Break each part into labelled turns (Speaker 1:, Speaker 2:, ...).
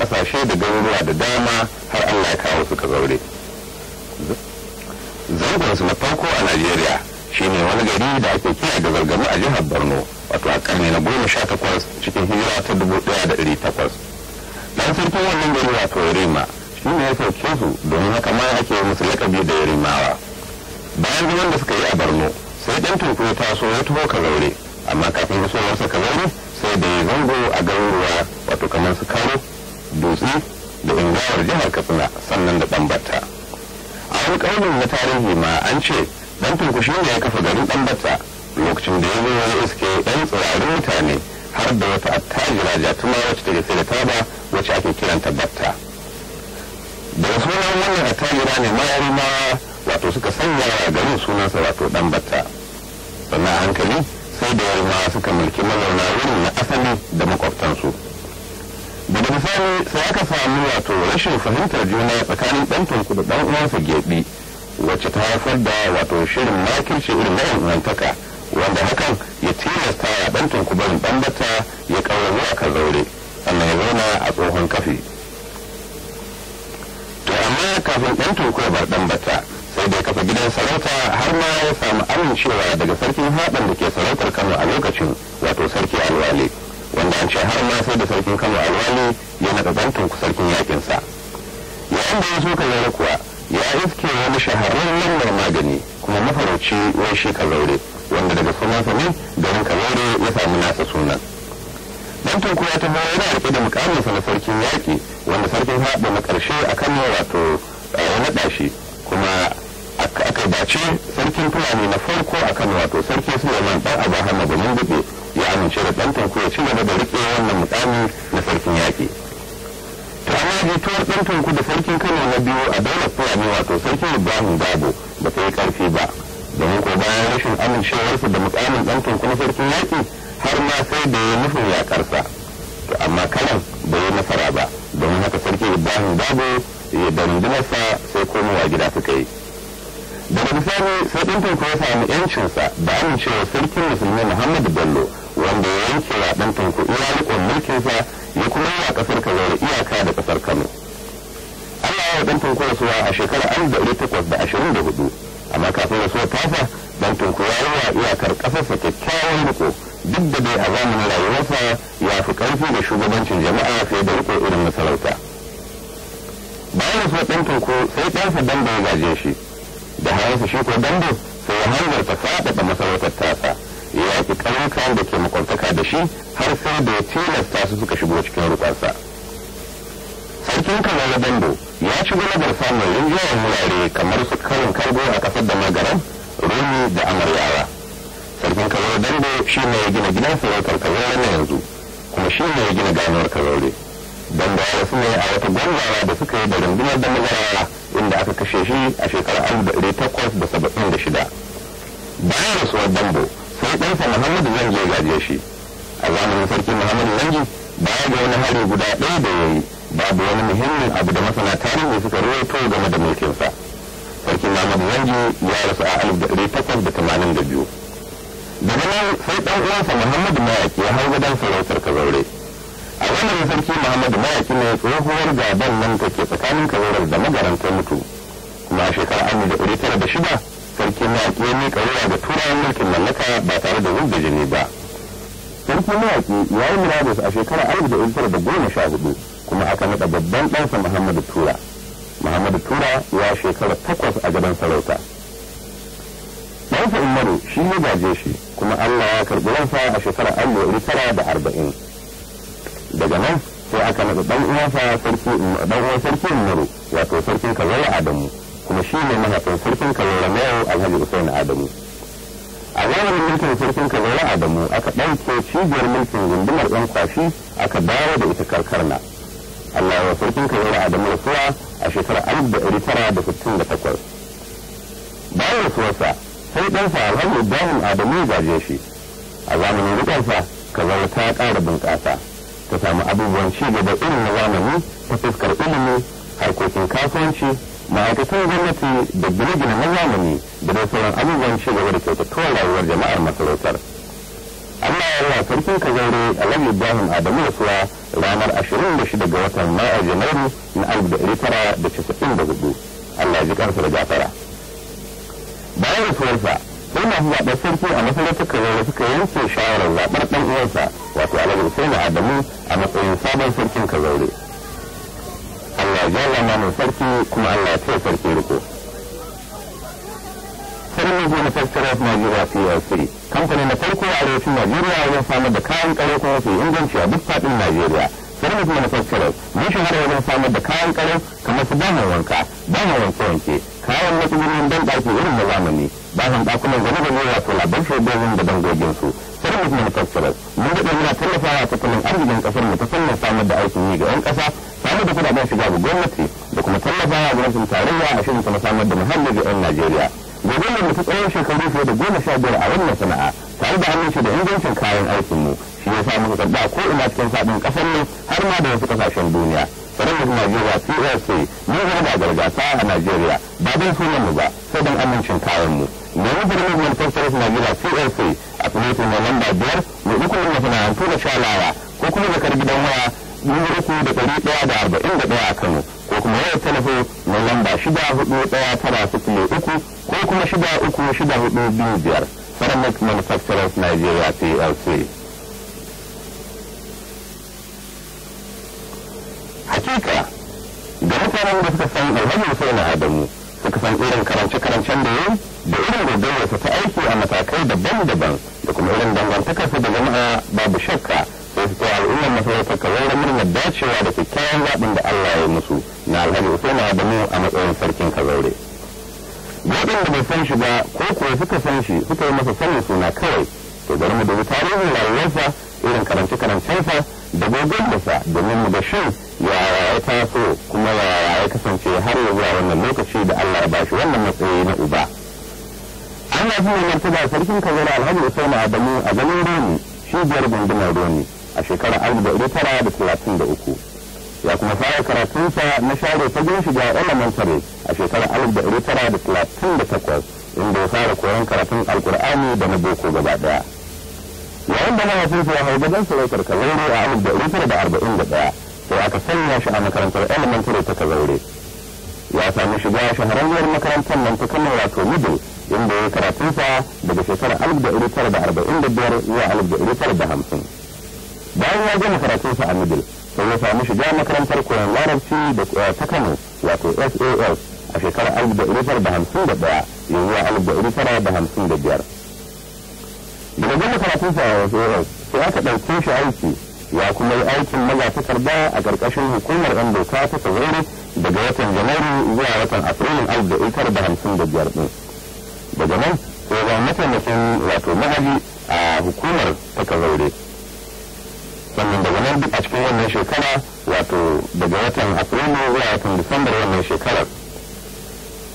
Speaker 1: kasashe da garuruwa da dama har allah ya kawo suka zaure su na farko a najeriya shine wani gari da ake kira da zargami a jihar borno wato a karni na goma sha takwas cikin hijira ta dubu ɗaya da ɗari takwas dan sarkin wannan gari wato yarima shi ne ya sauke su domin haka ma ake musu lakabi da yarimawa bayan zaman da suka yi a borno sai dan tunku ta taso ya taho zaure amma kafin isowarsa kazaure sai da ya zango a garuruwa wato kamar su kawo. dutse da ingawar jihar katsina sannan da ɗanbata a wani ƙarfin na tarihi ma an ce dan tunkushi ne ya kafa garin ɗanbata lokacin da ya zo wani iske ɗan tsirarin mutane har da wata attajira jatuma wacce ta sai da taba wacce ake kiranta batta Daga sunan wannan attajira ne mayar ma wato suka sanya a garin sunansa wato ɗan batta sannan hankali sai da yarma suka mulki mazauna wurin na asali da makwabtansu. da misali sai aka samu wato rashin fahimtar juna tsakanin ɗan tunku da ɗan uwansa geɓe wacce ta haifar da wato shirin makirci irin na ingantaka wanda hakan ya tilasta a ɗan tunku barin ɗan bata ya kawo a kan zaure Allah ya zauna a tsohon kafi to amma kafin ɗan tunku ya bar ɗan bata sai da kafa gidan sarauta har ma ya samu amincewa daga sarkin haɗin da ke sarautar Kano a lokacin wato sarki Alwale. wanda an ce har ma sai da sarkin kano alwali ya naɗa zantan sarkin yakinsa yayin da ya so kuwa ya iske wani shahararren mai magani kuma mafarauci wai shi zaure wanda daga sunansa ne garin kazaure ya sami nasa sunan bantan kuwa ta hawa yana rike da mukaminsa na sarkin yaƙi wanda sarkin haɗa na ƙarshe a kan wato ya naɗa shi kuma aka bace sarkin fulani na farko akan wato sarki suleiman ɗan abu da mun buɗe ya amince da ɗan ko ya ci gaba da riƙe wannan mukami na sarkin yaƙi to amma to ɗan tanko da sarkin kano na biyu a daular fulani wato sarkin ibrahim babu ba ta yi ƙarfi ba domin ko bayan rashin amincewarsa da mukamin ɗan na sarkin yaƙi har ma sai da ya nufin yaƙarsa to amma kalan bai yi nasara ba domin haka sarki ibrahim babu ya da rundunarsa sai komowa gida suka yi daga misali sai ɗan tanko ya samu 'yancinsa da amincewa sarkin musulmi muhammadu bello wanda ya yanke wa zaben iya rikon mulkin sa ya kuma yi a ƙasar Kano da iyaka da ƙasar Kano. Allah ya dan tunku rasuwa a shekarar alif da ɗari takwas da ashirin da hudu amma kafin rasuwar tasa dan tunku ya yi wa iyakar ƙasarsa kyakkyawan riƙo duk da dai a zamanin rayuwarsa ya fi ƙarfi da shugabancin jama'a fiye da riko irin na sarauta. Bayan rasuwar ɗan tunku sai ɗansa dambe ya gaje shi da hayansa shi ko dambe sai ya hanzarta faɗaɗa masarautar tasa. shafi kayan da ke makwabtaka da shi har sai da ya tilasta su suka shigo cikin rukansa sarkin kano na dambo ya ci da samun rinjiyar wurare kamar su karin kargo a kasar da magaran rumi da amaryawa sarkin kano na dambo shi ne ya gina gidan sarautar na yanzu kuma shi ne ya gina ganuwar kazaure dambo ya rasu ne a wata gwamnawa da suka yi da rundunar da magarawa inda aka kashe shi a shekarar 1876 bayan rasuwar dambo sai ɗansa muhammadu zan je gaje shi a zamanin sarki muhammadu zangi baya ga wani hari guda ɗaya da ya yi babu wani muhimmin abu da masana tarihi suka rawaito game da mulkinsa sarki muhammadu zangi ya rasu a alif da ɗari takwas da tamanin da biyu daga nan sai ɗan uwansa muhammadu mayaki ya hau gadon sarautar kazaure a zamanin sarki muhammadu mayaki ne tsohuwar gaban nan take tsakanin kazaurar da magarantar mutu kuma a shekarar alif da ɗari tara da shida sarki mawaƙi ya miƙa wuya ga turawan mulkin mallaka ba tare da wanda jini ba sarki mawaƙi ya yi murabus a shekara alif da ilfar da goma sha hudu kuma aka naɗa babban ɗansa muhammadu tura muhammadu tura ya shekara takwas a gadon sarauta ɗansa umaru shi ya gaje shi kuma allah ya karɓi ransa a shekara alif tara da arba'in daga nan sai aka naɗa ɗan uwansa sarki ɗan uwan sarki umaru wato sarkin kazara adamu kuma shi ne mahaifin sarkin kalora na yau alhaji hussein adamu a zamanin mulkin sarkin kalora adamu aka ɗauke cibiyar mulkin gundumar yan kwashi aka dawo da ita karkarna allah wa sarkin kalora adamu rasuwa a shekarar alif da ɗari tara da sittin da takwas bayan rasuwarsa sai ɗansa alhaji ibrahim adamu ya gaje shi a zamanin ka zama ta ƙara bunƙasa ta samu abubuwan ci gaba irin na zamani ta fuskar ilimi harkokin kasuwanci ma'aikatan gwamnati da gine-gine na zamani da dai sauran abubuwan ci gaba da kyautattuwar rayuwar jama'ar masarautar Allah ya rawa sarkin kazaure Alhaji Ibrahim Adamu da suwa ranar 26 ga watan Mayu Janairu na 1994 Allah ya ji kansa da gafara bayan rasuwarsa sai masu zaɓar sarki a masarautar kazaure suka yanke shawarar zaɓar ɗan uwansa wato Alhaji Hussein Adamu a matsayin sabon sarkin kazaure. Allah ya zama sarki kuma Allah ya ce sarki riko sarki ne na fassara na Najeriya su ya ce kamfanin na farko a arewacin Najeriya ya samar da kayan kare kuma su inganci a duk faɗin Najeriya sarki ne na fassara mun shahara wajen samar da kayan kare kamar su damar wanka damar wanke wanke kayan matsalolin ban ɗaki irin na zamani bayan ɗakunan gane-gane wato labar shaidojin da dangoginsu sarki ne na fassara mun daɗe muna tallafawa tattalin arzikin ƙasar mu ta fannin samar da aikin yi ga 'yan ƙasa samar da kudaden shiga ga gwamnati da kuma tallafawa gwamnatin tarayya a shirin ta samar da muhalli ga 'yan Najeriya. Gwamnati da mutu tsawon shekaru fiye da goma sha biyar a wannan sana'a tare da aminci da ingancin kayan aikin mu shi ya sa muka karɓa ko ina cikin faɗin ƙasar mu har ma da wasu ƙasashen duniya. da Najeriya PLC mun zama da gargasa a Najeriya ba don sunan mu ba sai don amincin kayan mu. Domin birnin na Najeriya PLC a kwamitin lamba biyar mai hukumar masana'antu da shalawa ko kuma zakar gidan waya biyu uku da ɗari ɗaya da arba'in da ɗaya a Kano ko kuma wayar talafo na lamba shida hudu ɗaya tara sifili uku ko kuma shida uku shida hudu biyu biyar Faramac Manufacturers Nigeria PLC. Hakika, ga mutanen da suka san alhaji Hussein Adamu suka san irin karance-karancen da yayi da irin gobe ta aiki a matakai daban-daban da kuma irin dangantakarsa da jama'a babu shakka ko al'ummar masarautar kawai murnar dacewa da kyakkyawan zaɓin da Allah ya musu na alhaji da Adamu a matsayin sarkin Kazaure. Waɗanda bai san shi ba ko kuwa suka san shi suka yi masa sanin suna kawai to bari mu dubi tarihin rayuwarsa irin karance-karancensa da gogonsa domin mu ga shin yaya ya taso kuma yaya ya kasance har ya zuwa wannan lokaci da Allah ya bashi wannan matsayi na uba. An yafi mai martaba sarkin Kazaure Alhaji Usaina Adamu a ganin shi cibiyar gundumar Roni. a shekarar alif da tara da talatin da uku ya kuma fara karatunsa na share fagen shiga elementary a shekarar alif da tara da talatin da takwas inda ya fara koyon karatun alkur'ani da na boko gaba daya yayin da mahaifinsa ya hau gadon sarautar kazaure a alif da tara da arba'in da daya sai aka sanya shi a makarantar elementary ta kazaure ya sami shiga shahararriyar makarantar nan ta kano wato middle inda ya karatunsa daga shekarar alif da tara da arba'in da biyar zuwa alif da tara da hamsin bayan ya gama sa a middle sai ya samu shiga makarantar koyon larabci da eh, ta kano wato sas a shekarar alif da irifar da hamsin da daya yanzu a alif da irifar da hamsin da biyar daga gama sa a sas sai aka ɗauke shi aiki ya kuma yi aikin maza takarda a ƙarƙashin hukumar yan doka ta tsazoro daga watan janairu zuwa watan afrilun alif da irifar da hamsin da biyar ɗin daga nan sai ya mataimakin wato ma'aji a hukumar ta kazaure sannan daga nan duk a cikin wannan shekara wato daga watan afrilu zuwa watan disambar wannan shekarar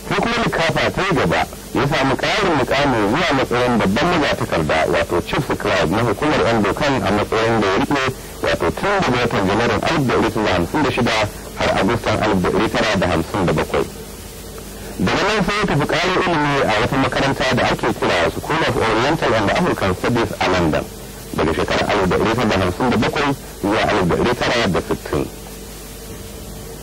Speaker 1: sai kuma likafa ta gaba ya samu ƙarin mukami zuwa matsayin babban magatakarda wato chief cloud na hukumar yan dokan a matsayin da ya rike wato tun daga watan janairun alif da ɗari hamsin da shida har agustan alif da ɗari tara da hamsin da bakwai daga nan sai ya tafi karin ilimi a wata makaranta da ake kira school of oriental and african studies a london daga shekarar alif da ɗari da hamsin da bakwai zuwa alif da ɗari da sittin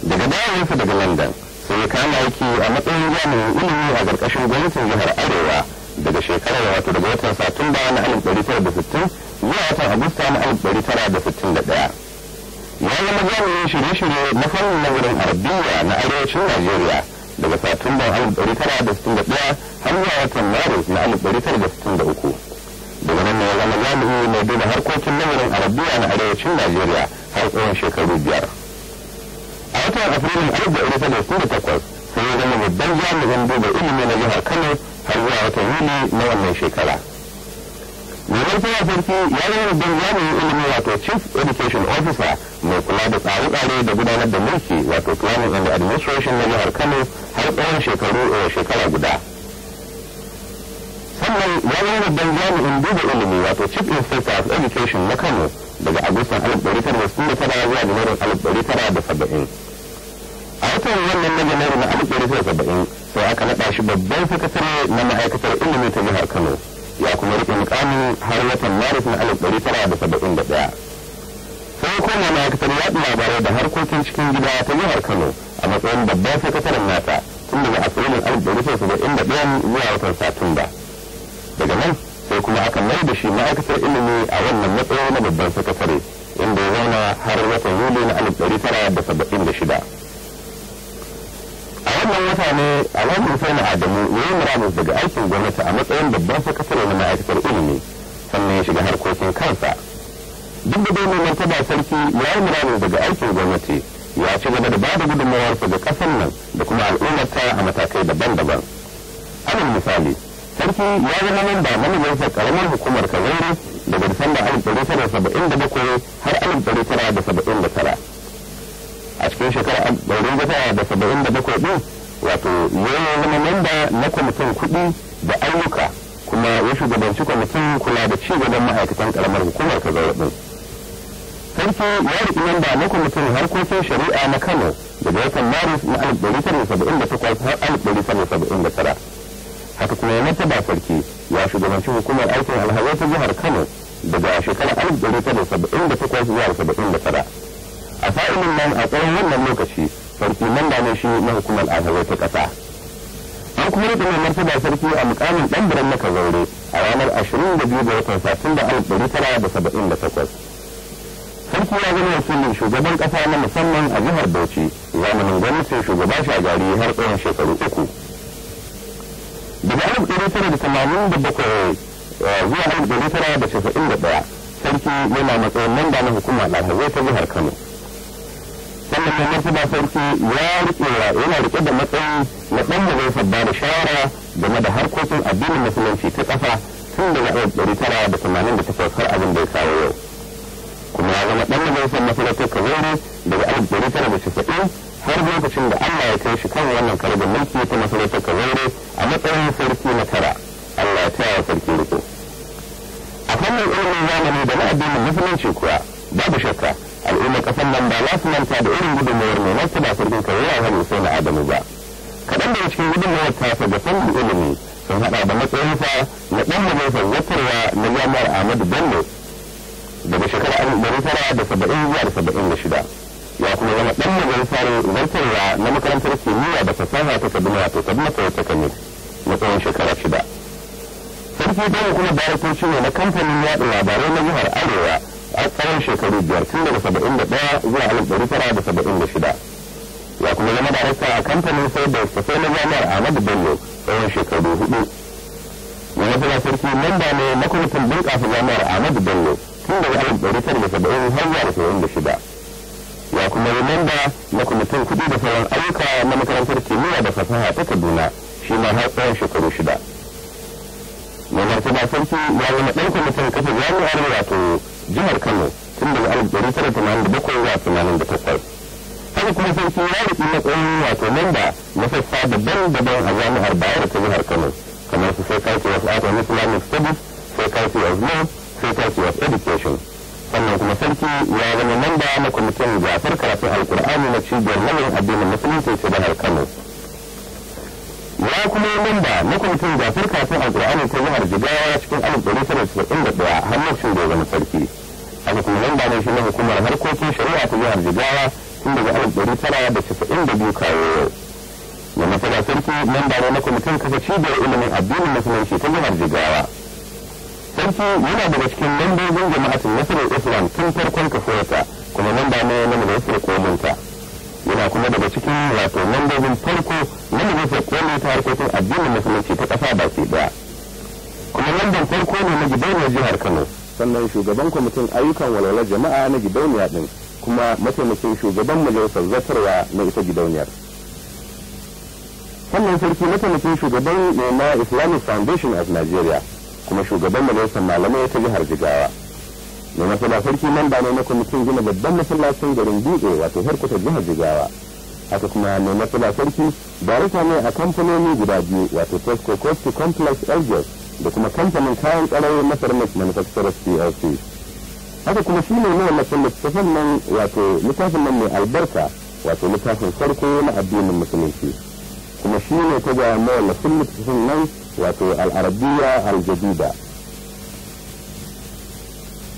Speaker 1: daga dawowarsa daga london sun yi kama aiki a matsayin jami'in ilimi a ƙarƙashin gwamnatin jihar arewa daga shekarar wato daga watan satumba na alif ɗari tara da sittin zuwa watan agusta na alif ɗari tara da sittin da ɗaya ya zama jami'in shirye-shirye na fannin nazarin arabiya na arewacin najeriya daga satumban alif ɗari tara da sittin da ɗaya har zuwa watan maris na alif ɗari tara da sittin da uku domin mai ya zama jami'i mai duba harkokin lamarin arabiya na arewacin najeriya har tsawon shekaru biyar a watan afrilun alif da ɗari talatin da takwas sai yi zama babban jami'in duba ilimi na jihar kano har zuwa watan yuli na wannan shekara Neman kuma sarki ya yi babban jami'in ilimi wato chief education officer mai kula da tsare-tsare da gudanar da mulki wato planning and administration na jihar kano har tsawon shekaru eh, shekara guda. wannan ya yi babban jami'in duba ilimi wato chief inspector of education na kano daga agustan alif ɗari tara da sun tara zuwa janairun alif ɗari tara da saba'in a watan wannan na janairu na alif ɗari tara saba'in sai aka naɗa shi babban sakatare na ma'aikatar ilimi ta jihar kano ya kuma riƙe muƙami har watan maris na alif ɗari tara da saba'in da ɗaya sai koma ma'aikatar yaɗa labarai da harkokin cikin gida ta jihar kano a matsayin babban sakataren nata tun daga asirin alif ɗari tara saba'in da ɗayan zuwa watan satumba. daga nan sai kuma aka mai da shi ma'aikatar ilimi a wannan matsayi na babban sakatare inda ya zauna har watan yuli na alif ɗari tara da saba'in da shida a wannan wata ne sai na adamu ya yi muramus daga aikin gwamnati a matsayin babban sakatare na ma'aikatar ilimi sannan ya shiga harkokin kansa duk da dai mai martaba sarki ya yi muramus daga aikin gwamnati ya ci gaba da bada gudunmawarsa ga kasan nan da kuma al'ummarta a matakai daban-daban alal misali sarki ya zama nan ba majalisar karamar hukumar kazare daga disamba alif dari tara saba'in da bakwai har alif dari tara da saba'in da tara a cikin shekarar ɗaurin gasa da saba'in da bakwai ɗin wato ya zama memba na kwamitin kuɗi da ayyuka kuma ya shugabanci kwamitin kula da ci gaban ma'aikatan karamar hukumar kazare ɗin sarki ya riƙi mamba na kwamitin harkokin shari'a na kano daga watan maris na alif dari tara da saba'in da takwas har alif dari tara da saba'in da tara haka kuma ya martaba sarki ya shugabanci hukumar aikin alhazai ta jihar kano daga shekarar alif saba'in da takwas zuwa saba'in da tara a sa'ilin nan a tsawon wannan lokaci sarki manda ne shi na hukumar alhazai ta ƙasa an kuma rike mai martaba sarki a mukamin ɗan biran maka zaure a ranar ashirin da biyu ga watan satumba alif ɗari tara da saba'in da takwas sarki ya zama wakilin shugaban ƙasa na musamman a jihar bauchi zamanin gwamnatin shugaba shagari har tsawon shekaru uku daga alif ɗari tara da tamanin da da ɗaya sarki yana matsayin manda na hukumar lahazai ta jihar kano sannan na martaba sarki ya rike yana da matsayi na ɗan da zai sabba da shawara game da harkokin addinin musulunci ta ƙasa tun daga alif ɗari tara da tamanin da takwas har abin da ya kawo yau kuma ya zama ɗan majalisar masarautar kazoro daga alif ɗari tara da casa'in har lokacin da Allah ya kai shi kan wannan karbin mulki ta masarautar Kazaure a matsayin sarki na tara Allah ya taya sarki riko a fannin ilimin zamani da na addinin musulunci kuwa babu shakka al'ummar kasar nan ba za su manta da irin gudunmawar mai ba sarki ka a wani sai na Adamu ba kaɗan daga cikin gudunmawar tasa da fannin ilimi sun haɗa da matsayin matsayinsa na ɗan da mai zartarwa na jami'ar Ahmadu Bello daga shekarar alif da saba'in da da shida ya kuma zama ɗan majalisar zartarwa na makarantar kimiyya da fasaha ta kaduna wato kaduna ta wata kane na tsawon shekara shida sarki ta kuma daraktoci ne na kamfanin yaɗa labarai na jihar arewa a tsawon shekaru biyar tun daga saba'in da ɗaya zuwa alif ɗari tara da saba'in da shida ya kuma zama darakta a kamfanin sayar da sosai na jami'ar ahmadu bello tsawon shekaru hudu yanzu tana sarki mamba ne na kwamitin bunƙasa jami'ar ahmadu bello tun daga alif ɗari tara da saba'in har zuwa da saba'in da shida ya kuma yi mamba na kwamitin kuɗi da sauran ayyuka na makarantar kimiyya da fasaha ta kaduna shi ma har tsawon shekaru shida mai martaba sarki ya zama ɗan kwamitin kafa jami'ar wato jihar kano tun daga alif ɗari tara tamanin da bakwai zuwa tamanin da takwas haka kuma sarki ya riƙi matsayin wato mamba na sassa daban-daban a jami'ar bayar ta jihar kano kamar su sai kake wasu aka islamic studies sai kake of law sai kake of education sannan kuma sarki ya zama mamba na kwamitin gasar karatun alkur'ani na cibiyar lamarin addinin musulunci ta jihar kano ya kuma yi mamba na kwamitin gasar karatun alkur'ani ta jihar jigawa cikin alif dari tara casa'in da daya har da ya zama sarki haka kuma mamba ne shi na hukumar harkokin shari'a ta jihar jigawa tun daga alif dari tara da casa'in da biyu kawo yau da sarki mamba ne na kwamitin kasa cibiyar ilimin addinin musulunci ta jihar jigawa sarki yana daga cikin lambobin jama'atin nasarar islam tun farkon kafuwarsa kuma nan ne na majalisar kolinta yana kuma daga cikin wato lambobin farko na majalisar kolinta harkokin addinin musulunci ta kasa ba baki daya kuma lambar farko ne na gidauniyar jihar kano sannan shugaban kwamitin ayyukan walwalar jama'a na gidauniya din kuma mataimakin shugaban majalisar zartarwa na ita gidauniyar sannan sarki mataimakin shugaban ne na islamic foundation of nigeria kuma shugaban majalisar malamai ta jihar jigawa mai masala sarki mamba ne na kwamitin gina babban masallacin garin dutse wato harkuta jihar jigawa haka kuma mai masala sarki ne a kamfanoni guda biyu wato tesco costi complex elgers da kuma kamfanin kayan tsararren masarmik manufacturers plc haka kuma shi ne na masala littafin nan wato littafin nan mai albarka wato littafin farko na addinin musulunci kuma shi ne ta ga mai masala littafin nan wato al'arabiya aljadida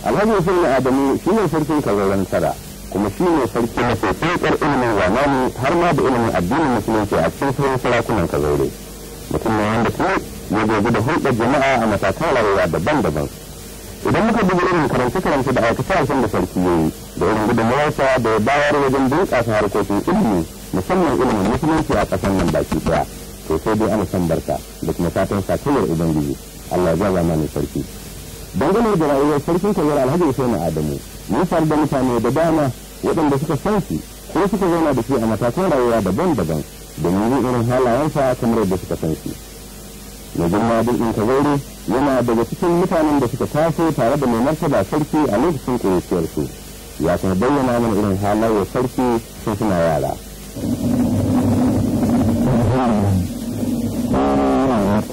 Speaker 1: alhaji sun na adamu shi ne sarkin kallon tsara kuma shi ne sarki na ilimin zamani har ma da ilimin addinin musulunci a cikin sauran sarakunan kazaure mutum ne wanda kuma ya gobe da hulɗar jama'a a matakan rayuwa daban-daban idan muka duba irin karance-karance da aikace-aikacen da sarki ya da irin gudunmawarsa da ya bayar wajen bunƙasa harkokin ilimi musamman ilimin musulunci a ƙasar nan baki ɗaya to sai dai ana san barka da kuma fatan sakayar ubangiji Allah ya jaza mana sarki dangane da rayuwar sarkin yar alhaji na Adamu mun faru da mutane da dama waɗanda suka san shi ko suka zauna da shi a matakan rayuwa daban-daban domin yin irin halayensa kamar da suka san shi mai girma duk in kazaure yana daga cikin mutanen da suka taso tare da mai martaba sarki a lokacin ƙuruciyarsu ya kuma bayyana mana irin halayen sarki sun suna yara.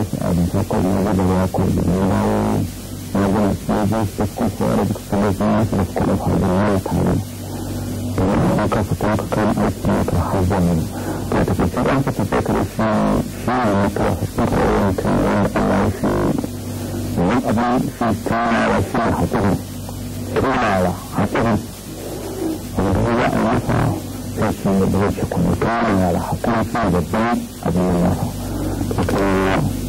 Speaker 1: da shi abinci ko na gaba ya ko da ne ya yi na ga su zai su ko su ara da su da zama su da su da su da ya yi tare da wani aka fita ka kan aiki ka har zanen da ta fita an fita ta kare shi shi ne ka fita ka yi ta yi a yi shi wani abin shi ta yi shi a hakirin turawa hakirin wanda ya yi a masa sai shi ne da ya ce kuma turawa ya hakirin shi da ban abin ya masa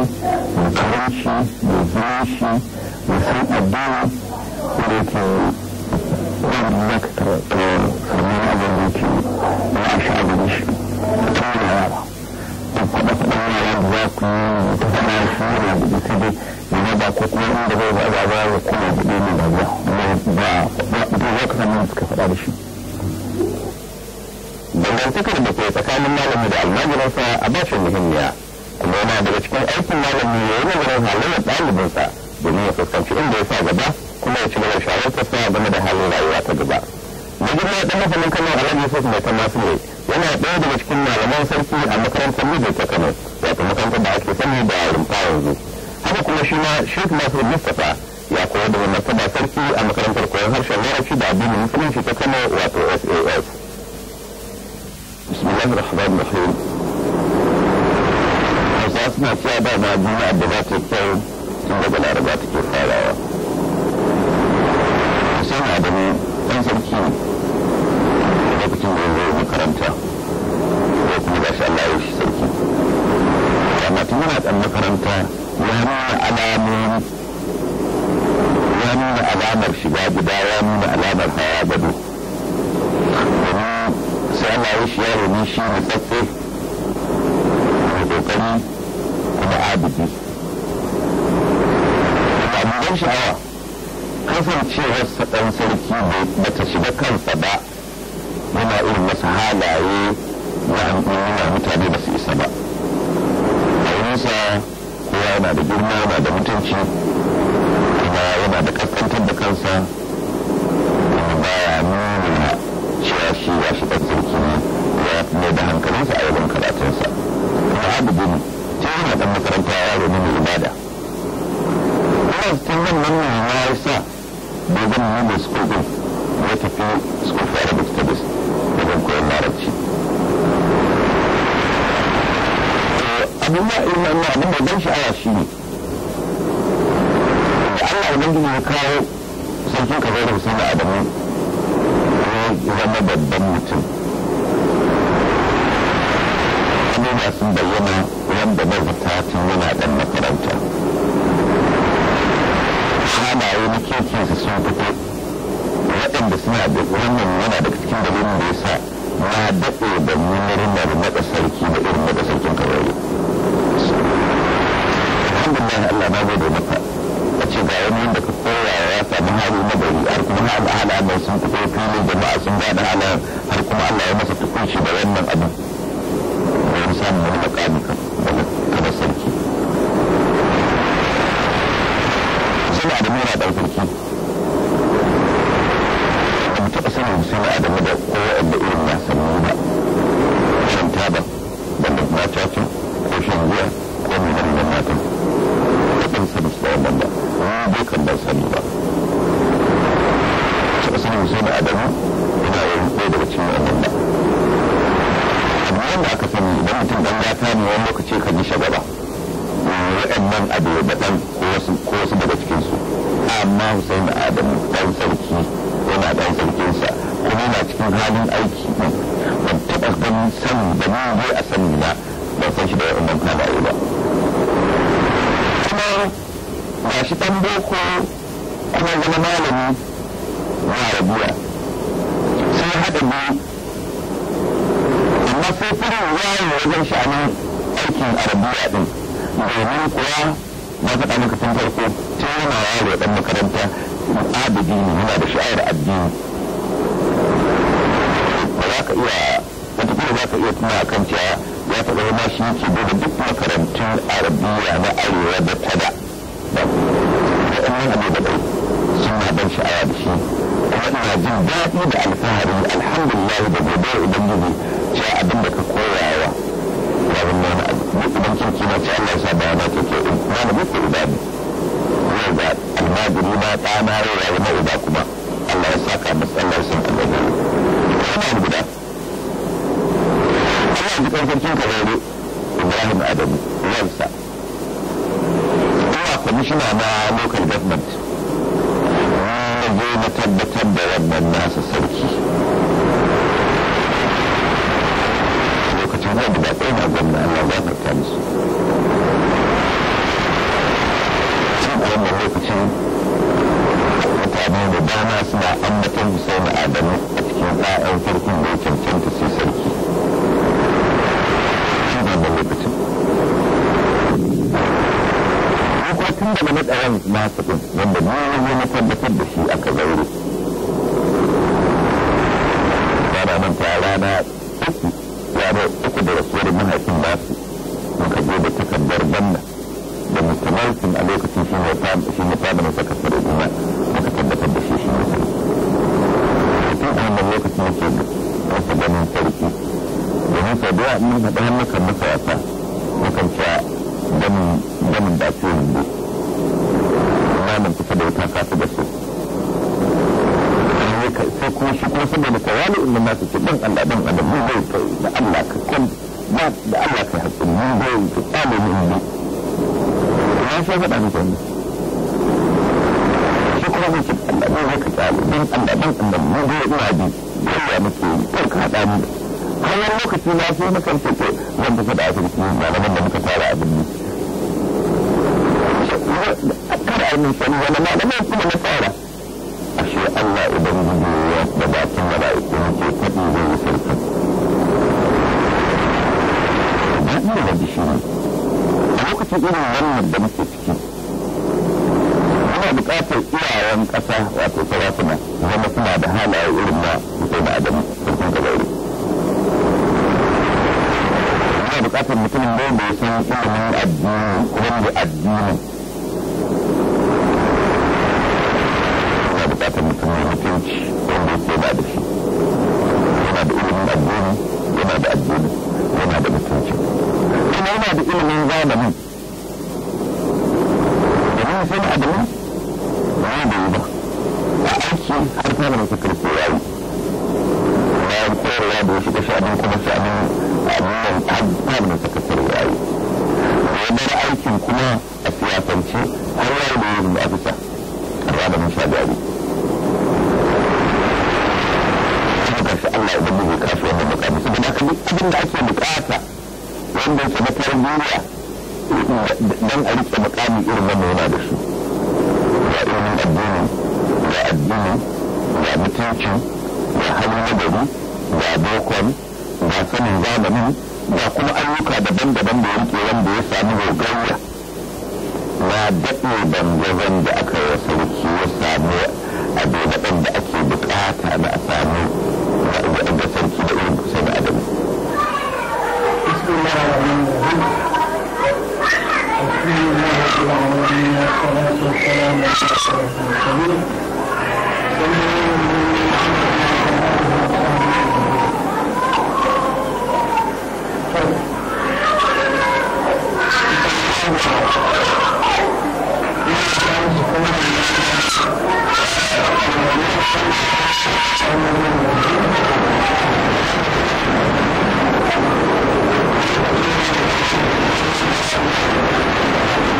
Speaker 1: الصناعة والكراسي والفراشة وخلق الدولة ولكن ورد لك تمام أبوتي وعش أبوتي طول عارة تقبط أنا أبوك تفعل فورا بكده لماذا كتنا عند غير أبوة وكنا بدين الأبوة بذلك من كفر أبوتي dangantakar da ke tsakanin malami da almajiransa a bashin muhimmiya kuma yana daga cikin aikin malami ya yi nazarin halayyar ɗalibinsa domin ya fuskanci inda ya sa gaba kuma ya ci gaba ta sa game da halin rayuwa ta gaba majina ya ɗan masanin kano alhaji yusuf mai ta masu ne yana ɗaya daga cikin malaman sarki a makarantar mijin ta kano wato makarantar da ake sani da rumfa yanzu haka kuma shi ma sheikh nasir mustapha ya koyar da martaba sarki a makarantar koyon harshen larabci da addinin musulunci ta kano wato sas bismillahir rahmanir rahim suna cewa ba ma juma'a da ba ta kyau tun daga laraba ta ke farawa san adamu ɗan sarki lokacin da ya makaranta ko kuma ga shi Allah ya shi sarki amma tun yana ɗan makaranta ya nuna alamomi ya nuna alamar shiga gida ya nuna alamar hawa gado domin sai Allah ya shi yaro ne shi da tsatse da kokari abidi abubuwan sha'awa kasancewarsa ɗan sarki ba ta shiga kansa ba yana irin masa halaye na mutane ba su isa ba a nisa kowa yana da girma yana da mutunci kuma yana da kaskantar da kansa kuma baya nuna cewa shi shi ɗan sarki ne mai da hankalinsa a yawan karatunsa kuma abu sai yana ɗan makaranta yaro ne mai ibada kuma cikin wannan nan ya yi sa da zan nuna school din ya tafi school for arabic studies da zan koyar larabci eh, abin ya irin wannan abin da ban sha'awa shi ne da Allah ubangiji ya kawo sarkin kaza da musamman adamu ya zama babban mutum abubuwa sun bayyana da bauta tun yana ɗan makaranta halaye na su sun fito waɗanda suna da wannan yana daga cikin dalilin da ya na daɗe da murnar naɗa sarki da irin naɗa sarkin kawai alhamdulillah Allah na gode maka a ce ga wani wanda ka koya ya samu hali na gari har kuma hali halayen sun fito fili jama'a sun gane halayen har kuma Allah ya masa tukunci da wannan abin. Wani samun wani makami adamu na ɗan sarki taɓa sanin sai adamu da kowa da irin ya samu ba shan taba ban da kuma cacin ko shan giya ko mai nan da matan da ɗan su da wannan ba wani dokan ban sani ba taɓa sanin sai adamu yana yin ɗaya daga cikin wannan ba wanda aka sani idan mutum dan gata ne wani lokaci ka ji shagaba wa'annan abu da dan ko wasu daga cikinsu amma Hussein Adamu dan sarki yana sarkin sarkinsa kuma yana cikin halin aiki ne ban taɓa ganin sani da ni zai a sani na ban san shi da wannan kama yi ba kuma ga shi ɗan boko kuma zama malami na rabuwa sai haɗa ne amma sai fara wayo wajen sha'anin aikin arabiya ɗin domin kuwa na faɗa maka tun farko tun yana yaro ɗan makaranta abidi ne yana da sha'awar addini ba za ka iya za ka iya tuna a kan cewa ya taɓa zama shi yake gobe duk makarantun arabiya na arewa da tada da ɗan abu da ɗau ban sha'awa da shi kuma ina jin daɗi da alfahari alhamdulillah da gobe ubangiji cewa abin da ka koyawa yaron nan idan kirki na ce Allah sa bawa na kuma na da muku uba ne yau da almajiri na ta na rai rayuwa uba kuma Allah ya saka masa Allah ya san Allah ya yi guda Allah ya ji ƙarfafin karere Ibrahim Adamu ransa ina kwamishina na local government na je na tabbatar da wannan nasa sarki abubuwa da ba ɗaya ba gwamna Allah za ka ta mutane da dama suna ambatan Hussein Adamu a cikin ɗayan sarkin da ya cancanta sai sarki sun wannan lokacin tun da na ɗayan nasu ɗin wanda na yi na tabbatar da shi aka zaure ba na manta rana uku dukiyar mahaifin ba su muka zo da takardar banna da mutumarkin a lokacin shi ne shi ne fada mai saka sare duniya muka tabbatar da shi shi ne sai tun a wannan lokacin yake masa ganin sarki domin sau da yawa in haɗa maka masa wasa mukan cewa gamin da ake yanzu naman kusa da wuta kasu da su sai kuma shi kuma saboda in na nasu ce ɗan Allah ɗan adam mu bai da Allah ka kwanta ba da Allah ka haƙƙi mun da ta ka ƙale na sai faɗa muku ne shi kuma mun ce Allah ne zaka ƙale don Allah don Allah mun da ina bi Allah muke kar ka haɗa mu har wani lokaci na sai mukan ce ko zan tafi da asibiti malaman da muka tara a birni kada a yi min sani wani malaman kuma na fara. ashe Allah idan ya da bakin mala'iku ke faɗi zai yi sarki ina da gishiri a lokacin irin wannan da muke ciki ana buƙatar iyayen ƙasa wato sarakuna zama suna da halaye irin na mutum da adamu sun gabaru ana buƙatar mutumin da ya san ilimin addini kuma addini bukatar mutunci wanda yake ba da shi yana da ilimin addini yana da addini yana da mutunci yana da ilimin zamani domin sun adamu ba ya da yi ba a aiki har ta mana kakar koyayi na koyarwa da wasu kashe abin kuma sai abin abin ta mana kakar yi bar aikin kuma a siyasance har yau da yin da afisa a ba da mun sha jari kuma ga shi Allah ya dubu kasuwar da mutane saboda haka duk abin da ake bukata wanda yake na farin duniya don a rike makami irin wanda yana da su ga ilimin addini ga addini ga mutunci ga halin nagari ga dokon ga sanin zamanin ga kuma ayyuka daban-daban da yanke wanda ya sami gogayya na daɗe bangaren da aka yi sarki ya samu a da ake bukata na a samu ga sarki da irin وعلينا الصلاة والسلام على أشرف المرسلين Thank you.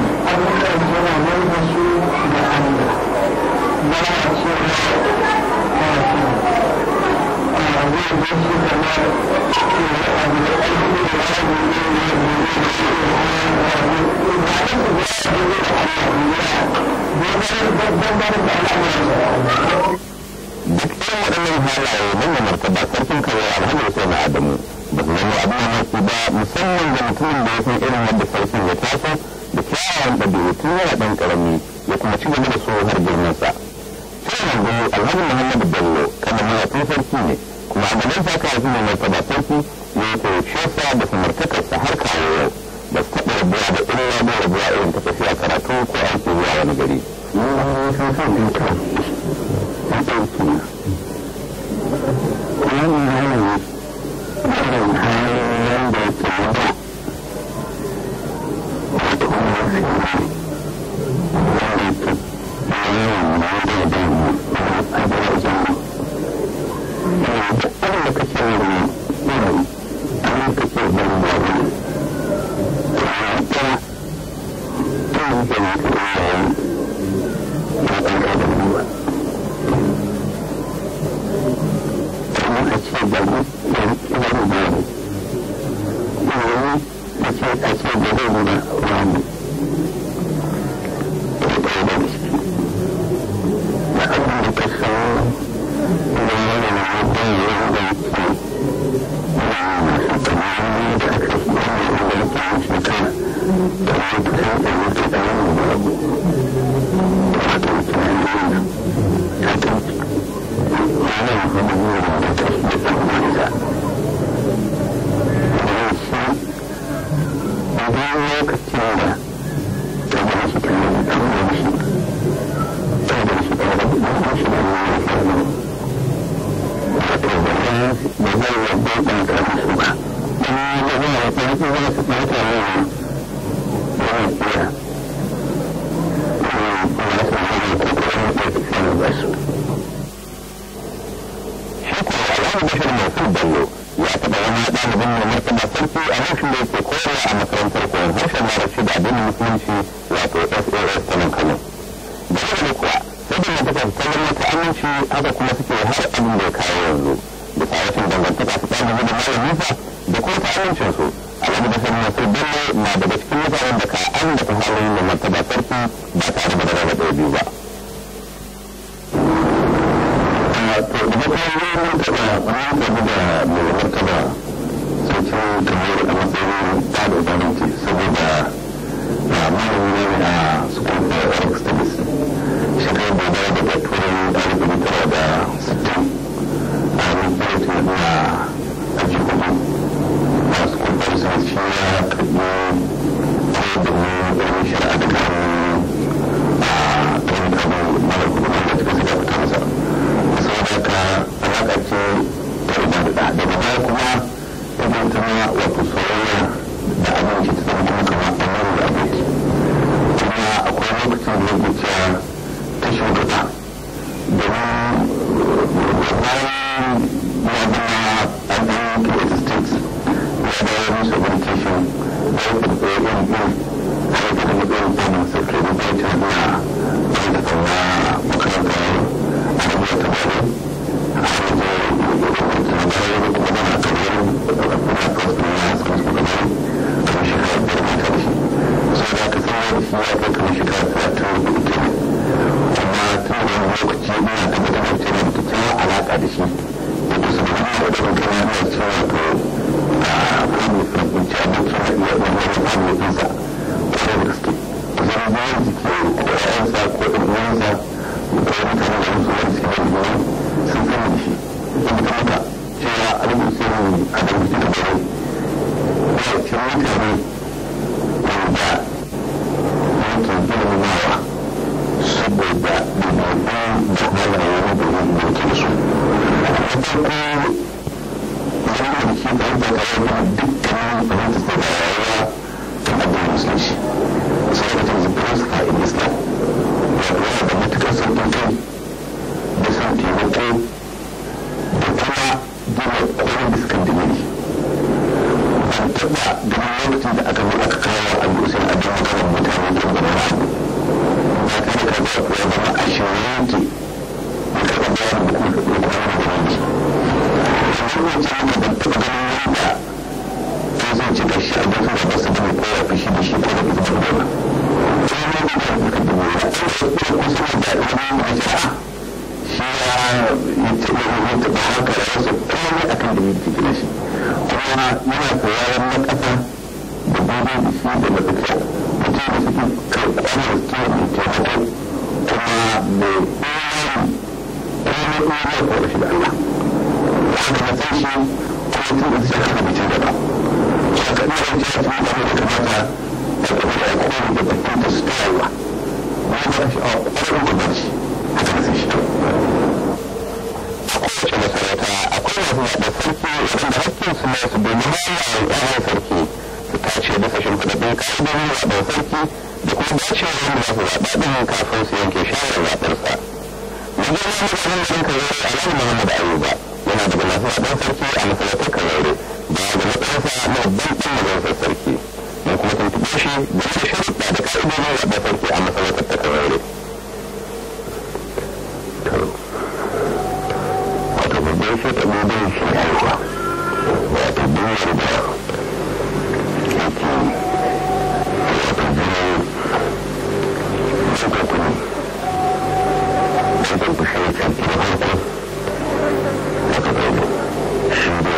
Speaker 1: da Allah wanda na kuma tun da zai kana bice da ba haka da shi da kamata da kuma da kuma da batun da su ta Allah ba ba a kwarin da ba shi haka na san shi kowace masarauta akwai masu da sarki wanda hakkin su nasu domin hanyar yawon sarki su tace bisa shimfiɗaɗɗen ƙa'idodin zaɓen sarki da kuma bacin wanda za kafin su yanke shawarar zaɓensa. shugaban sun kai alhaji ayuba yana daga sarki a da ya gaba ɗansa na babban ɗan majalisar sarki kuma da da sarki a ta wato ta shi yake بشيء كان في هذا لقد عضو شيء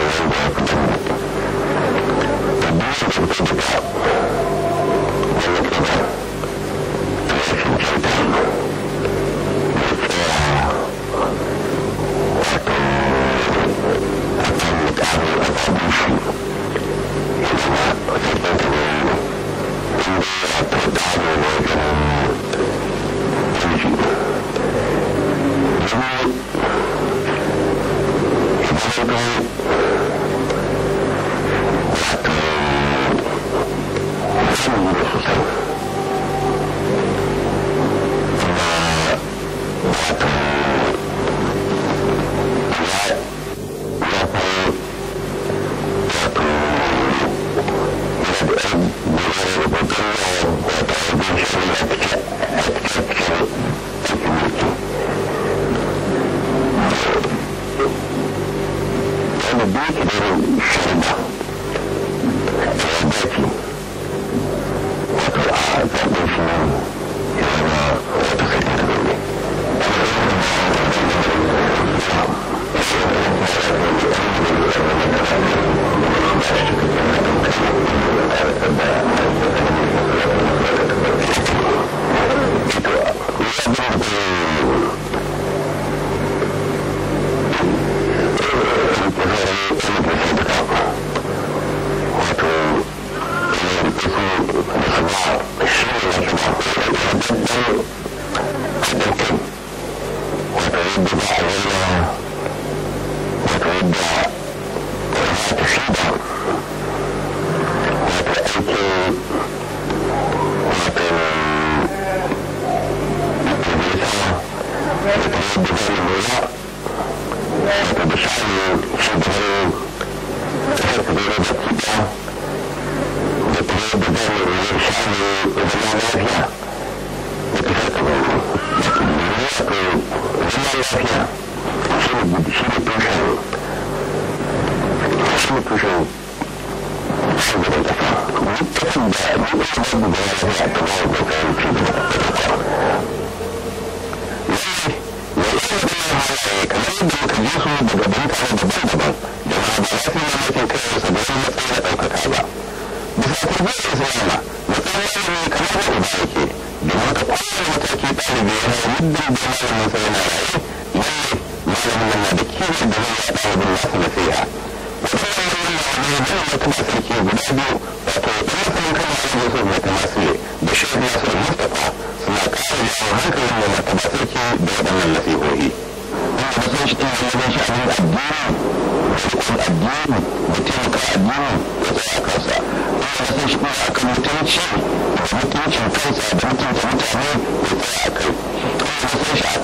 Speaker 1: Shut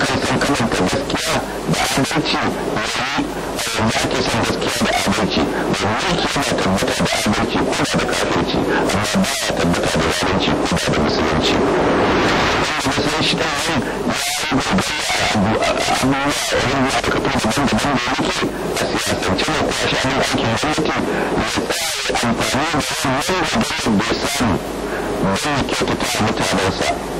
Speaker 1: kasance kana da gaskiya da adalci da da ake son gaskiya da adalci da mulki yana tabbata da adalci ko da kafirci amma ba ya tabbata da zalunci ko da musulunci musulunci shi da yin abubuwa da kafin da da yake a siyasance ne ko shi yi ake mulki amfani da su yi da su bai samu mutum yi kyautata mutanensa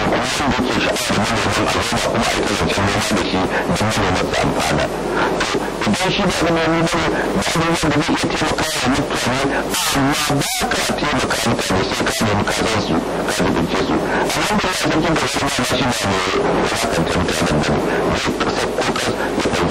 Speaker 1: wasu da ke sha'awar mahaifin alfasa kuma a ita zancen noma da shi don su noma da amfana idan shi da zai iya taimaka wa mutane amma ka su ka dubince su da shi da